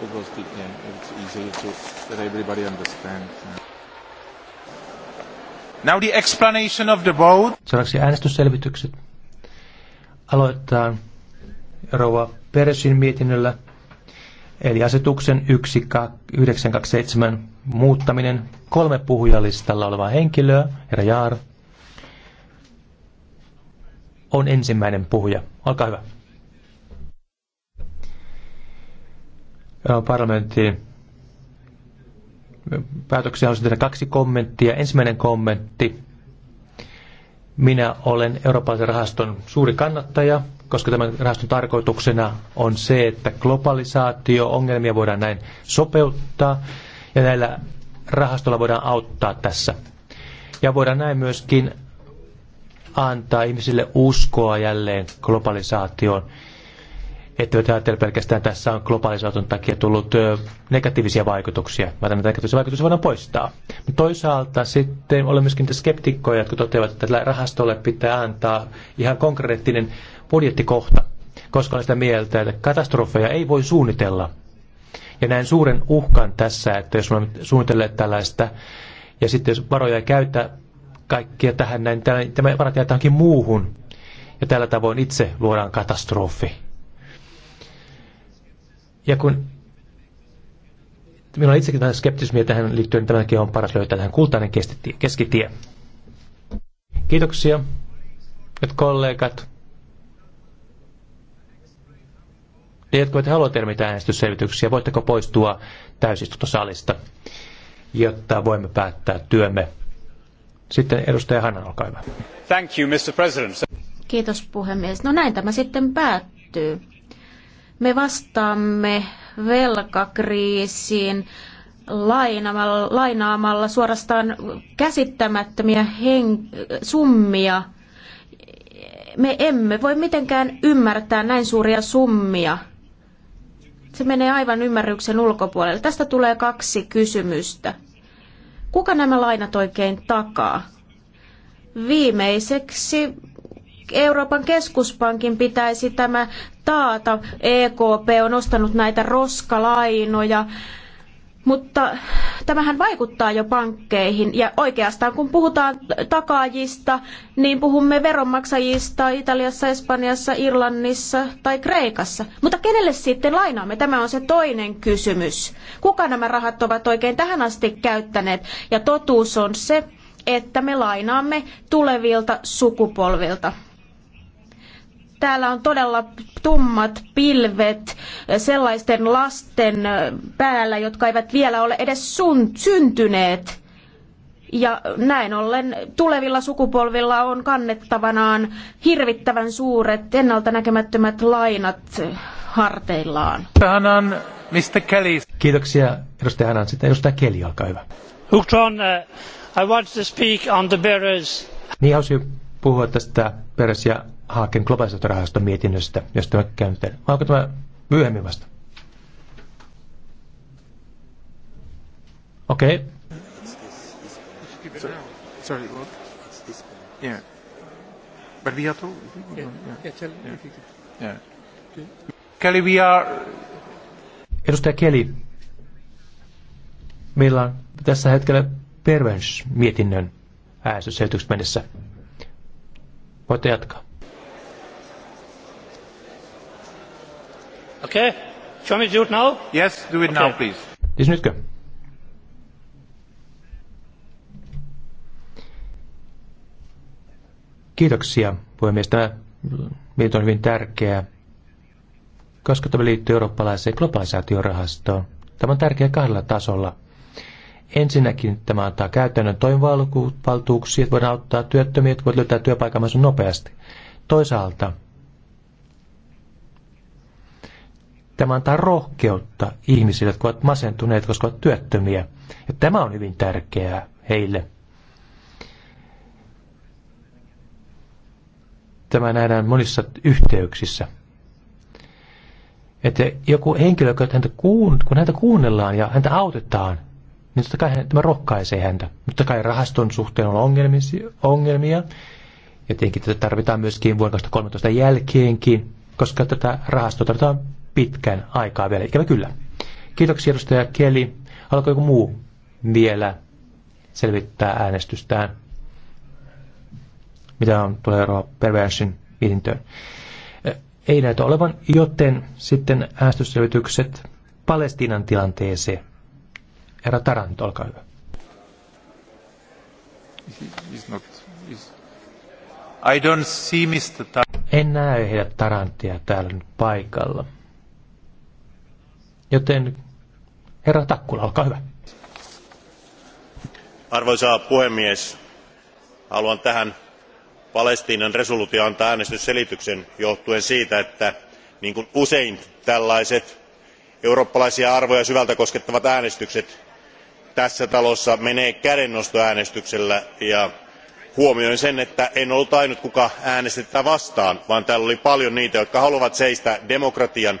because it, yeah, it's easier to that everybody understand. Now the explanation of the vote. Seuraavaksi äänestysselvitykset. Aloittaa rouva Peresin mietinnöllä, eli asetuksen 1927 muuttaminen kolme puhujalistalla olevaa henkilöä, herra Jaar, on ensimmäinen puhuja. Olkaa hyvä. parlamenttiin päätöksiä haluaisin tehdä kaksi kommenttia. Ensimmäinen kommentti. Minä olen Euroopan rahaston suuri kannattaja, koska tämän rahaston tarkoituksena on se, että globalisaatio-ongelmia voidaan näin sopeuttaa ja näillä rahastolla voidaan auttaa tässä. Ja voidaan näin myöskin antaa ihmisille uskoa jälleen globalisaatioon etteivät ajattele pelkästään tässä on globalisaation takia tullut negatiivisia vaikutuksia, vaan näitä negatiivisia vaikutuksia voidaan poistaa. Toisaalta sitten olen myöskin skeptikkoja, jotka toteavat, että tällä rahastolle pitää antaa ihan konkreettinen budjettikohta, koska olen sitä mieltä, että katastrofeja ei voi suunnitella. Ja näen suuren uhkan tässä, että jos me suunnitelleet tällaista, ja sitten jos varoja ei käytä kaikkia tähän näin, tämä varat jää muuhun, ja tällä tavoin itse luodaan katastrofi. Ja kun minulla on itsekin vähän skeptismiä tähän liittyen, niin tämäkin on paras löytää tähän kultainen keskitie. Kiitoksia, nyt kollegat. Ne, jotka ette tehdä mitään äänestysselvityksiä, voitteko poistua täysistuntosalista, jotta voimme päättää työmme. Sitten edustaja Hanna, olkaa hyvä. Thank you, Mr. President. Kiitos puhemies. No näin tämä sitten päättyy. Me vastaamme velkakriisiin lainaamalla, lainaamalla suorastaan käsittämättömiä summia. Me emme voi mitenkään ymmärtää näin suuria summia. Se menee aivan ymmärryksen ulkopuolelle. Tästä tulee kaksi kysymystä. Kuka nämä lainat oikein takaa? Viimeiseksi Euroopan keskuspankin pitäisi tämä taata. EKP on ostanut näitä roskalainoja. Mutta tämähän vaikuttaa jo pankkeihin ja oikeastaan kun puhutaan takaajista, niin puhumme veronmaksajista Italiassa, Espanjassa, Irlannissa tai Kreikassa. Mutta kenelle sitten lainaamme? Tämä on se toinen kysymys. Kuka nämä rahat ovat oikein tähän asti käyttäneet? Ja totuus on se, että me lainaamme tulevilta sukupolvilta täällä on todella tummat pilvet sellaisten lasten päällä, jotka eivät vielä ole edes syntyneet. Ja näin ollen tulevilla sukupolvilla on kannettavanaan hirvittävän suuret, ennalta näkemättömät lainat harteillaan. Hanan, Mr. Kelly. Kiitoksia, edustaja Hanan. Sitten edustaja Kelly, olkaa hyvä. Uhtron, uh, I want to speak on the bearers. Niin halusin puhua tästä Peres- ja Haaken globalisaatiorahaston mietinnöstä, josta mä käyn Vai onko tämä myöhemmin vasta? Okei. Okay. Yeah. Yeah, yeah, tell yeah. Kelly, Edustaja Keli, meillä on tässä hetkellä pervens terveysmietinnön äänestysselitykset mennessä. Voitte jatkaa. Okay. Do you want me to do it now? Yes, do it okay. now, please. Kiitoksia, puhemies. Tämä mietintö on hyvin tärkeä, koska tämä liittyy eurooppalaiseen globalisaatiorahastoon. Tämä on tärkeä kahdella tasolla. Ensinnäkin tämä antaa käytännön toimivaltuuksia, että voidaan auttaa työttömiä, että voivat löytää työpaikan nopeasti. Toisaalta Tämä antaa rohkeutta ihmisille, jotka ovat masentuneet, koska ovat työttömiä. Ja tämä on hyvin tärkeää heille. Tämä nähdään monissa yhteyksissä. Että joku henkilö, kun häntä, kuun, kun häntä kuunnellaan ja häntä autetaan, niin totta kai tämä rohkaisee häntä. Mutta kai rahaston suhteen on ongelmia. Ja tietenkin tätä tarvitaan myöskin vuonna 2013 jälkeenkin, koska tätä rahastoa tarvitaan pitkän aikaa vielä, ikävä kyllä. Kiitoksia edustaja Keli. Haluatko joku muu vielä selvittää äänestystään? Mitä on tulee eroa perversin mietintöön? Ei näytä olevan, joten sitten äänestysselvitykset Palestiinan tilanteeseen. Herra Tarant, olkaa hyvä. I don't see Mr. Tar- en näe heidät Tarantia täällä nyt paikalla. Joten herra Takkula, olkaa hyvä. Arvoisa puhemies, haluan tähän Palestiinan resoluutio antaa äänestysselityksen johtuen siitä, että niin kuin usein tällaiset eurooppalaisia arvoja syvältä koskettavat äänestykset tässä talossa menee kädennostoäänestyksellä ja huomioin sen että en ollut ainut kuka äänestettä vastaan vaan täällä oli paljon niitä jotka haluavat seistä demokratian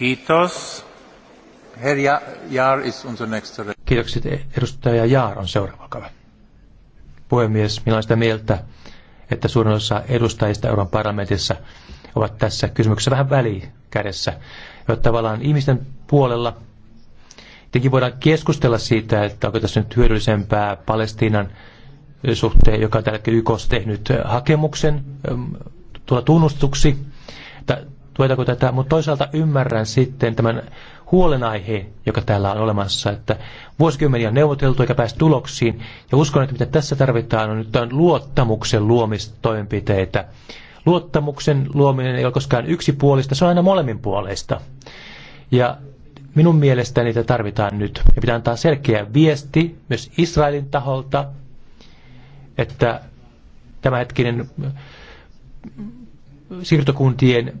Kiitos. Kiitokset. E- edustaja Jaar on seuraava kaveri. Puhemies, minä olen sitä mieltä, että suurin osa edustajista Euroopan parlamentissa ovat tässä kysymyksessä vähän välikädessä. Jotta tavallaan ihmisten puolella tietenkin voidaan keskustella siitä, että onko tässä nyt hyödyllisempää Palestiinan suhteen, joka on tällä hetkellä YKssa tehnyt hakemuksen tulla tunnustuksi tuetaanko tätä, mutta toisaalta ymmärrän sitten tämän huolenaiheen, joka täällä on olemassa, että vuosikymmeniä on neuvoteltu eikä päästä tuloksiin, ja uskon, että mitä tässä tarvitaan on nyt on luottamuksen luomistoimenpiteitä. Luottamuksen luominen ei ole koskaan yksipuolista, se on aina molemmin puolesta. Ja minun mielestäni niitä tarvitaan nyt. Ja pitää antaa selkeä viesti myös Israelin taholta, että tämä hetkinen siirtokuntien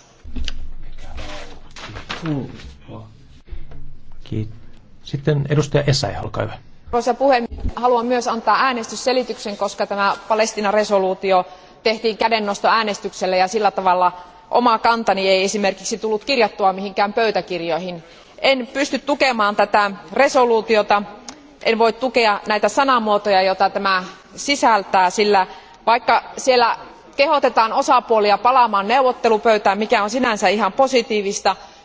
Kiitos. Sitten edustaja Essayah, olkaa hyvä. Arvoisa puhemies, haluan myös antaa äänestysselityksen, koska tämä Palestinan resoluutio tehtiin kädennosto äänestyksellä ja sillä tavalla oma kantani ei esimerkiksi tullut kirjattua mihinkään pöytäkirjoihin. En pysty tukemaan tätä resoluutiota, en voi tukea näitä sanamuotoja, joita tämä sisältää, sillä vaikka siellä kehotetaan osapuolia palaamaan neuvottelupöytään, mikä on sinänsä ihan positiivista,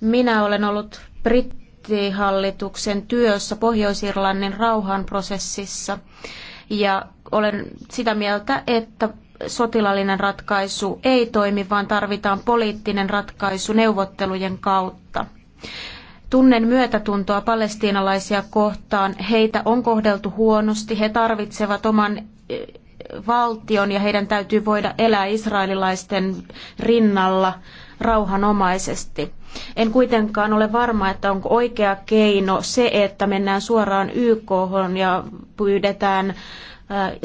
Minä olen ollut brittihallituksen työssä Pohjois-Irlannin rauhanprosessissa ja olen sitä mieltä, että sotilallinen ratkaisu ei toimi, vaan tarvitaan poliittinen ratkaisu neuvottelujen kautta. Tunnen myötätuntoa palestiinalaisia kohtaan. Heitä on kohdeltu huonosti. He tarvitsevat oman e, valtion ja heidän täytyy voida elää israelilaisten rinnalla rauhanomaisesti. En kuitenkaan ole varma, että onko oikea keino se, että mennään suoraan YK ja pyydetään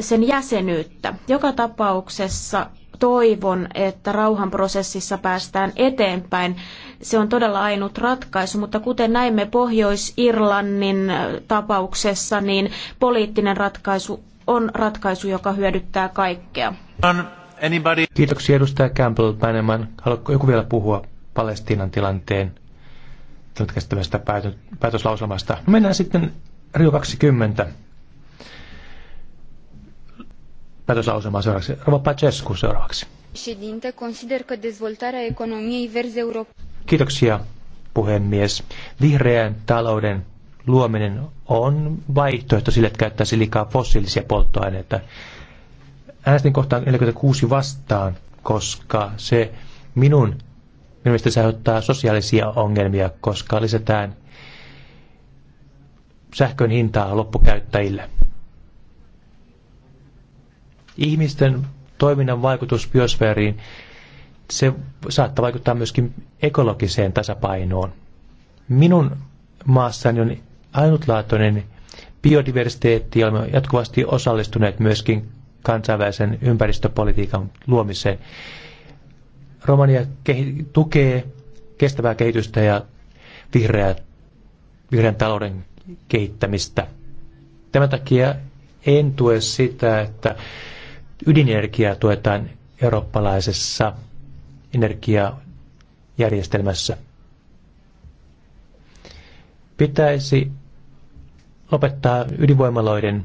sen jäsenyyttä. Joka tapauksessa toivon, että rauhanprosessissa päästään eteenpäin. Se on todella ainut ratkaisu, mutta kuten näimme Pohjois-Irlannin tapauksessa, niin poliittinen ratkaisu on ratkaisu, joka hyödyttää kaikkea. Anybody? Kiitoksia edustaja Campbell Bannerman. Haluatko joku vielä puhua Palestiinan tilanteen kestävästä päätöslauselmasta? No mennään sitten Rio 20 päätöslauselmaa seuraavaksi. Rova Pacescu seuraavaksi. Kiitoksia puhemies. Vihreän talouden luominen on vaihtoehto sille, että käyttäisi liikaa fossiilisia polttoaineita äänestin kohtaan 46 vastaan, koska se minun minun mielestäni aiheuttaa sosiaalisia ongelmia, koska lisätään sähkön hintaa loppukäyttäjille. Ihmisten toiminnan vaikutus biosfääriin, se saattaa vaikuttaa myöskin ekologiseen tasapainoon. Minun maassani on ainutlaatuinen biodiversiteetti, olemme jatkuvasti osallistuneet myöskin kansainvälisen ympäristöpolitiikan luomiseen. Romania tukee kestävää kehitystä ja vihreää, vihreän talouden kehittämistä. Tämän takia en tue sitä, että ydinenergiaa tuetaan eurooppalaisessa energiajärjestelmässä. Pitäisi lopettaa ydinvoimaloiden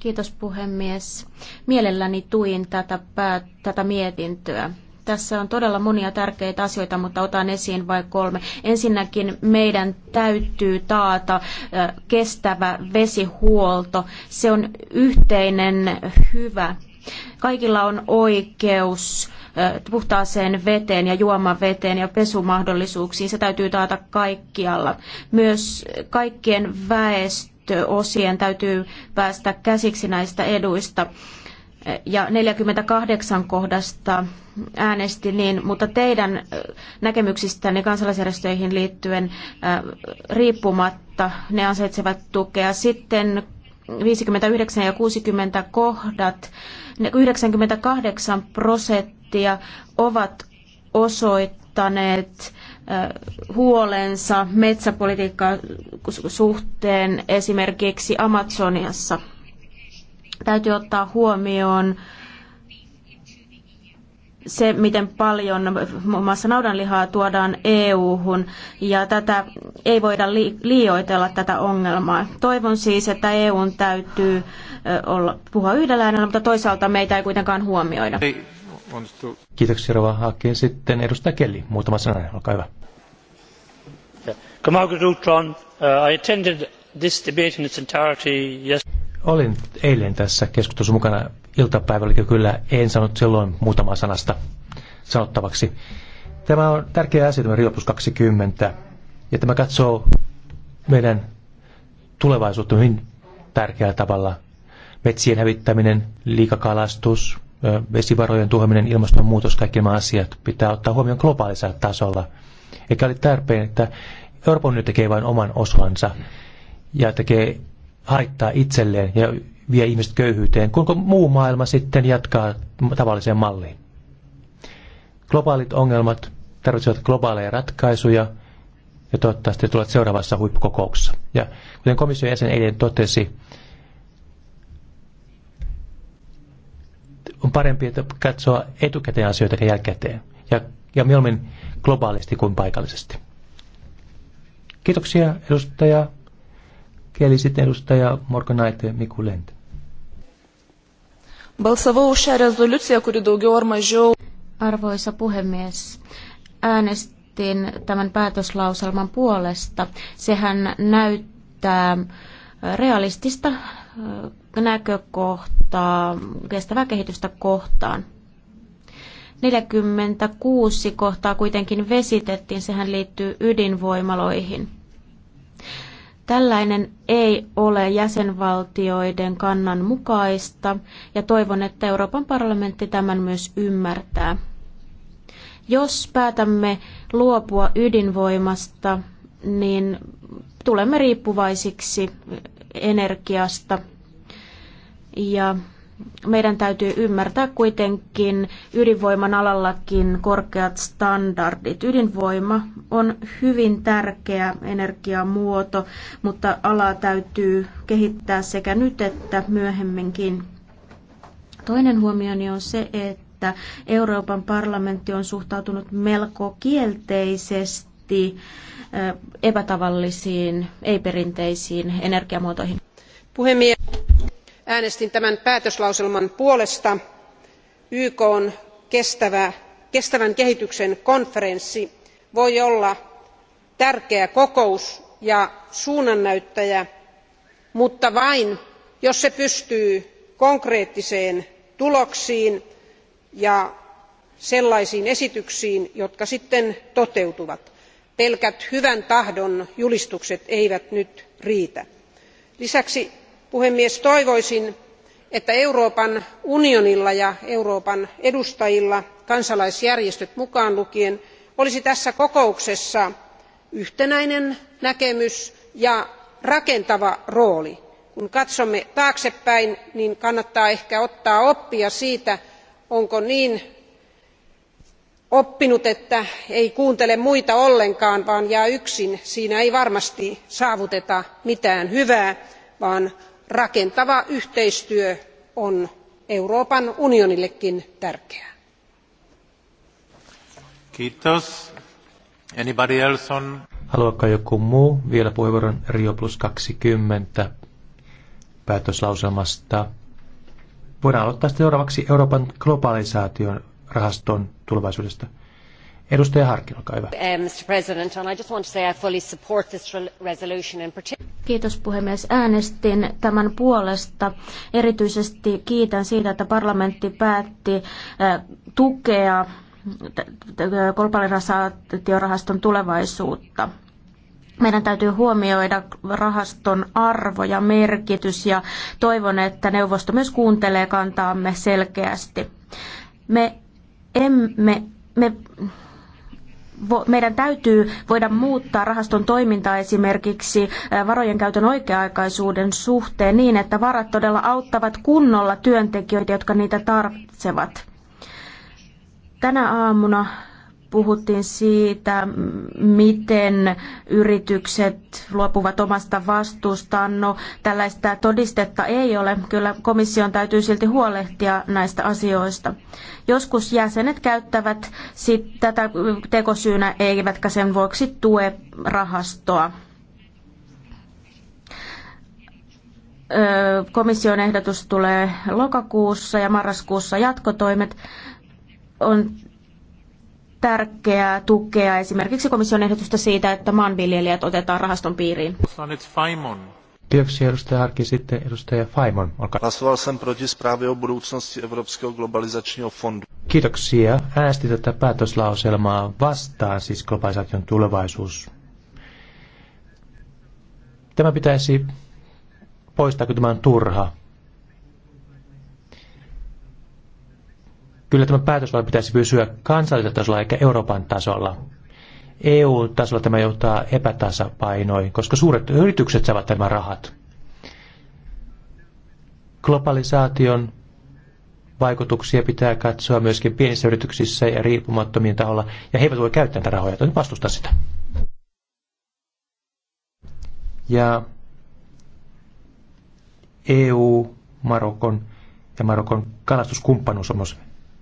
Kiitos puhemies. Mielelläni tuin tätä, pää, tätä mietintöä. Tässä on todella monia tärkeitä asioita, mutta otan esiin vain kolme. Ensinnäkin meidän täytyy taata kestävä vesihuolto. Se on yhteinen hyvä. Kaikilla on oikeus puhtaaseen veteen ja juomaveteen ja pesumahdollisuuksiin. Se täytyy taata kaikkialla. Myös kaikkien väestö osien täytyy päästä käsiksi näistä eduista. Ja 48 kohdasta äänesti niin, mutta teidän näkemyksistänne kansalaisjärjestöihin liittyen riippumatta ne ansaitsevat tukea. Sitten 59 ja 60 kohdat, 98 prosenttia ovat osoittaneet huolensa metsäpolitiikan suhteen esimerkiksi Amazoniassa. Täytyy ottaa huomioon se, miten paljon muun muassa naudanlihaa tuodaan EU-hun, ja tätä ei voida li- liioitella tätä ongelmaa. Toivon siis, että EUn täytyy olla, puhua yhdellä äänellä, mutta toisaalta meitä ei kuitenkaan huomioida. Ei. Kiitoksia Rova Haakin. Sitten edustaja Kelly, muutama sananen, olkaa hyvä. Uh, I attended this debate in its entirety Olin eilen tässä keskustelussa mukana iltapäivällä, kyllä en sanonut silloin muutamaa sanasta sanottavaksi. Tämä on tärkeä asia, tämä Rio 20, ja tämä katsoo meidän tulevaisuutta hyvin tärkeällä tavalla. Metsien hävittäminen, liikakalastus, vesivarojen tuhoaminen, ilmastonmuutos, kaikki nämä asiat pitää ottaa huomioon globaalisella tasolla. Eikä ole tarpeen, että Euroopan nyt tekee vain oman osansa ja tekee haittaa itselleen ja vie ihmiset köyhyyteen, kun muu maailma sitten jatkaa tavalliseen malliin. Globaalit ongelmat tarvitsevat globaaleja ratkaisuja ja toivottavasti tulevat seuraavassa huippukokouksessa. Ja kuten komission jäsen eilen totesi, on parempi että katsoa etukäteen asioita kuin jälkikäteen. Ja, ja mieluummin globaalisti kuin paikallisesti. Kiitoksia edustaja Kieli sitten edustaja Morgan Knight ja Miku Lent. Arvoisa puhemies, äänestin tämän päätöslauselman puolesta. Sehän näyttää realistista näkökohtaa kestävää kehitystä kohtaan. 46 kohtaa kuitenkin vesitettiin, sehän liittyy ydinvoimaloihin. Tällainen ei ole jäsenvaltioiden kannan mukaista ja toivon, että Euroopan parlamentti tämän myös ymmärtää. Jos päätämme luopua ydinvoimasta, niin tulemme riippuvaisiksi energiasta ja meidän täytyy ymmärtää kuitenkin ydinvoiman alallakin korkeat standardit. Ydinvoima on hyvin tärkeä energiamuoto, mutta ala täytyy kehittää sekä nyt että myöhemminkin. Toinen huomioni on se, että Euroopan parlamentti on suhtautunut melko kielteisesti epätavallisiin, ei-perinteisiin energiamuotoihin. Puhemies äänestin tämän päätöslauselman puolesta. n kestävän kehityksen konferenssi voi olla tärkeä kokous ja suunnannäyttäjä mutta vain jos se pystyy konkreettisiin tuloksiin ja sellaisiin esityksiin jotka sitten toteutuvat. pelkät hyvän tahdon julistukset eivät nyt riitä. lisäksi puhemies toivoisin että euroopan unionilla ja euroopan edustajilla kansalaisjärjestöt mukaan lukien olisi tässä kokouksessa yhtenäinen näkemys ja rakentava rooli. kun katsomme taaksepäin niin kannattaa ehkä ottaa oppia siitä onko niin oppinut että ei kuuntele muita ollenkaan vaan jää yksin. siinä ei varmasti saavuteta mitään hyvää vaan rakentava yhteistyö on euroopan unionillekin tärkeää. Haluaako joku muu vielä puheenvuoron Rio plus 20 päätöslauselmasta? Voidaan aloittaa seuraavaksi Euroopan globalisaation rahaston tulevaisuudesta. Edustaja Harkin, olkaa hyvä. Eh, Mr. President, and I just want to say I fully support this resolution in particular. Kiitos puhemies. Äänestin tämän puolesta. Erityisesti kiitän siitä, että parlamentti päätti äh, tukea äh, äh, globalisaatiorahaston tulevaisuutta. Meidän täytyy huomioida rahaston arvo ja merkitys ja toivon, että neuvosto myös kuuntelee kantaamme selkeästi. Me emme, me meidän täytyy voida muuttaa rahaston toimintaa esimerkiksi varojen käytön oikea-aikaisuuden suhteen niin, että varat todella auttavat kunnolla työntekijöitä, jotka niitä tarvitsevat. Tänä aamuna puhuttiin siitä, miten yritykset luopuvat omasta vastuustaan. No, tällaista todistetta ei ole. Kyllä komission täytyy silti huolehtia näistä asioista. Joskus jäsenet käyttävät sit tätä tekosyynä, eivätkä sen vuoksi tue rahastoa. Komission ehdotus tulee lokakuussa ja marraskuussa jatkotoimet on tärkeää tukea esimerkiksi komission ehdotusta siitä, että maanviljelijät otetaan rahaston piiriin. Kiitoksia edustaja Arki. Sitten edustaja Faimon, olkaa Hlasoval jsem proti Evropského globalizačního fondu. Kiitoksia. Äänestin tätä päätöslauselmaa vastaan, siis globalisaation tulevaisuus. Tämä pitäisi poistaa, kun tämä on turha. Kyllä tämä päätösvalta pitäisi pysyä kansallisella tasolla eikä Euroopan tasolla. EU-tasolla tämä johtaa epätasapainoin, koska suuret yritykset saavat nämä rahat. Globalisaation vaikutuksia pitää katsoa myöskin pienissä yrityksissä ja riippumattomien taholla, ja he eivät voi käyttää näitä rahoja, joten vastusta sitä. Ja EU, Marokon ja Marokon kalastuskumppanuus on myös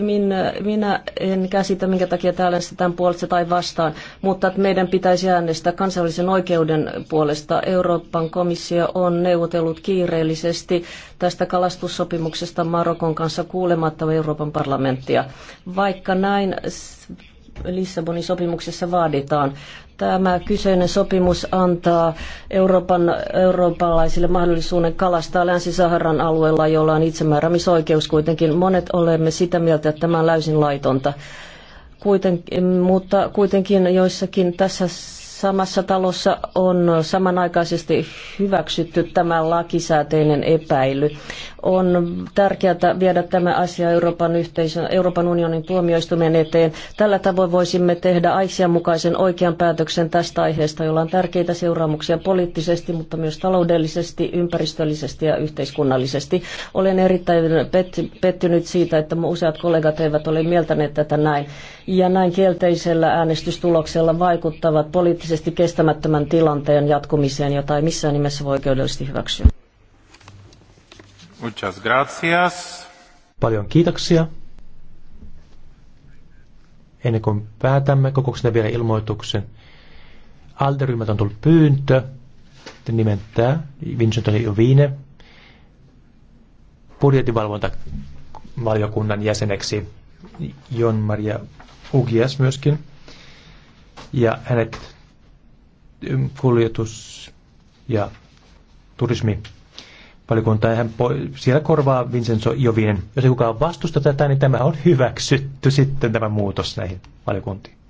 minä, minä en käsitä, minkä takia täällä äänestetään puolesta tai vastaan, mutta meidän pitäisi äänestää kansallisen oikeuden puolesta. Euroopan komissio on neuvotellut kiireellisesti tästä kalastussopimuksesta Marokon kanssa kuulematta Euroopan parlamenttia. Vaikka näin Lissabonin sopimuksessa vaaditaan. Tämä kyseinen sopimus antaa Euroopan, eurooppalaisille mahdollisuuden kalastaa Länsi-Saharan alueella, jolla on itsemääräämisoikeus kuitenkin. Monet olemme sitä mieltä, että tämä on läysin laitonta. Kuiten, mutta kuitenkin joissakin tässä samassa talossa on samanaikaisesti hyväksytty tämä lakisääteinen epäily. On tärkeää viedä tämä asia Euroopan, yhteisön, Euroopan unionin tuomioistuimen eteen. Tällä tavoin voisimme tehdä asianmukaisen oikean päätöksen tästä aiheesta, jolla on tärkeitä seuraamuksia poliittisesti, mutta myös taloudellisesti, ympäristöllisesti ja yhteiskunnallisesti. Olen erittäin pettynyt siitä, että useat kollegat eivät ole mieltäneet tätä näin. Ja näin kielteisellä äänestystuloksella vaikuttavat poliittisesti poliittisesti kestämättömän tilanteen jatkumiseen, jota ei missään nimessä voi oikeudellisesti hyväksyä. Muchas gracias. Paljon kiitoksia. Ennen kuin päätämme kokouksena vielä ilmoituksen. Alderyhmät on tullut pyyntö nimentää Vincent Jovine budjetinvalvontavaliokunnan jäseneksi Jon Maria Ugias myöskin. Ja hänet kuljetus ja turismi valikunta ja siellä korvaa Vincenzo Jovinen. Jos kukaan vastusta tätä, niin tämä on hyväksytty sitten tämä muutos näihin valikuntiin.